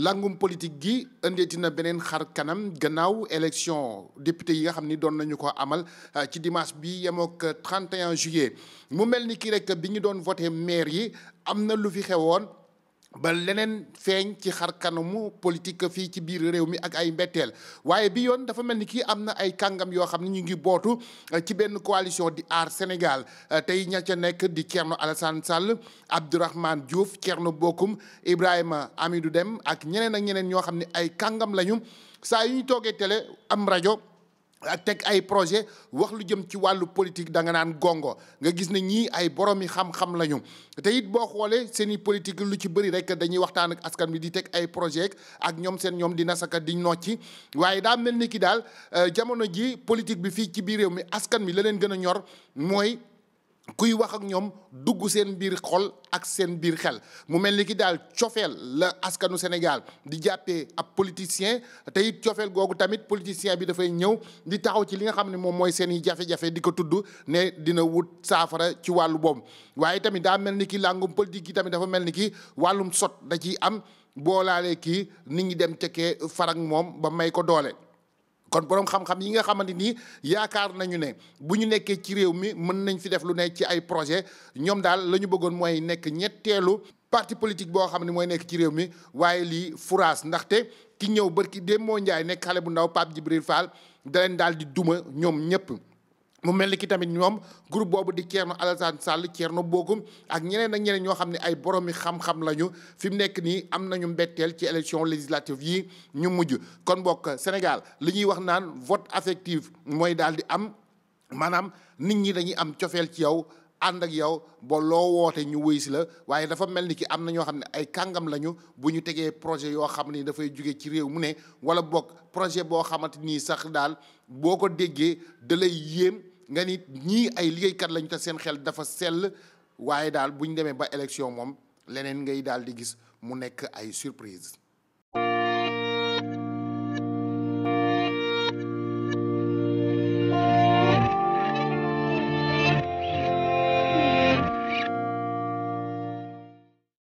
langum politique gi indeeti na beneen xar kanam gannaaw élection député yi nga xam ni doon nañu ko amal euh, ci dimanche bi yemook 31 euh, juillet mu mel ni ki rek bi ñu doon voté maire yi am na lu fi xewoon ba leneen feeñ ci xar kanamu politique fii ci biir réew mi ak ay mbetteel waaye bi yoon dafa mel ni kii am na ay kàngam yoo xam ne ñu ngi bootu eh, ci benn coalition di aar Sénégal eh, tey ña ca nekk di Thierno Alassane Sall Abdourahmane Diouf Thierno Bokum Ibrahima Amidou Deme ak ñeneen ak ñeneen ñoo xam ne ay kàngam lañu saa yu ñu toogee tele am rajo. ak teg ay projet wax lu jëm ci wàllu politique da nga naan gongo nga gis ne ñii ay boromi xam-xam lañu te it boo xoolee seen i politique lu ci bëri rek dañuy waxtaan ak askan bi di teg ay projet ak ñoom seen ñoom di nasaka di nocci waaye daa mel ni ki daal euh, jamono ji politique bi fii ci biir réew mi askan bi la leen gën a ñor mooy kuy wax ak ñoom dugg seen biir xol ak seen biir xel mu mel ni ki daal cofeel la askanu Sénégal di jàppee ab politicien tey it cofeel googu tamit politicien bi dafay ñëw di taxaw ci li nga xam ne moom mooy seen i jafe-jafe di ko tudd ne dina wut saafara ci wàllu boobu. waaye tamit daa mel ni ki làngum politique yi tamit dafa mel ni ki wàllum sot da ciy am boolaalee kii nit ñi dem tekkee farag moom ba may ko doole. kon borom xam-xam yi nga xamante nii yaakaar nañu ne bu ñu nekkee ci réew mi mën nañ fi def lu ne ci ay projet ñoom daal la ñu bëggoon mooy nekk ñetteelu parti politique boo xam ne mooy nekk ci réew mi waaye lii furaas ndaxte ki ñëw bërki Demba Ndiaye nekk xale bu ndaw Pape Djibril Fall da leen daal di duma ñoom ñëpp. mu mel ni ki tamit ñoom group boobu di Thierno Alassane Sall Thierno Bocoum ak ñeneen ak ñeneen ñoo xam ne ay boromi xam-xam lañu fi mu nekk nii am nañu mbetteel ci élection législative yi ñu mujj kon bokk Sénégal li ñuy wax naan vote affective mooy daal di am maanaam nit ñi dañuy am cofeel ci yow ànd ak yow ba loo woote ñu wuy la waaye dafa mel ni ki am na ñoo xam ne ay kàngam lañu bu ñu tegee projet yoo xam ni dafay jóge ci réew mu ne wala bokk projet boo xamante nii sax daal boo ko déggee da lay yéem nga nit ñii ay liggéeykat lañu te seen xel dafa sell waaye daal bu ñu demee ba élection moom leneen ngay daal di gis mu nekk ay surprise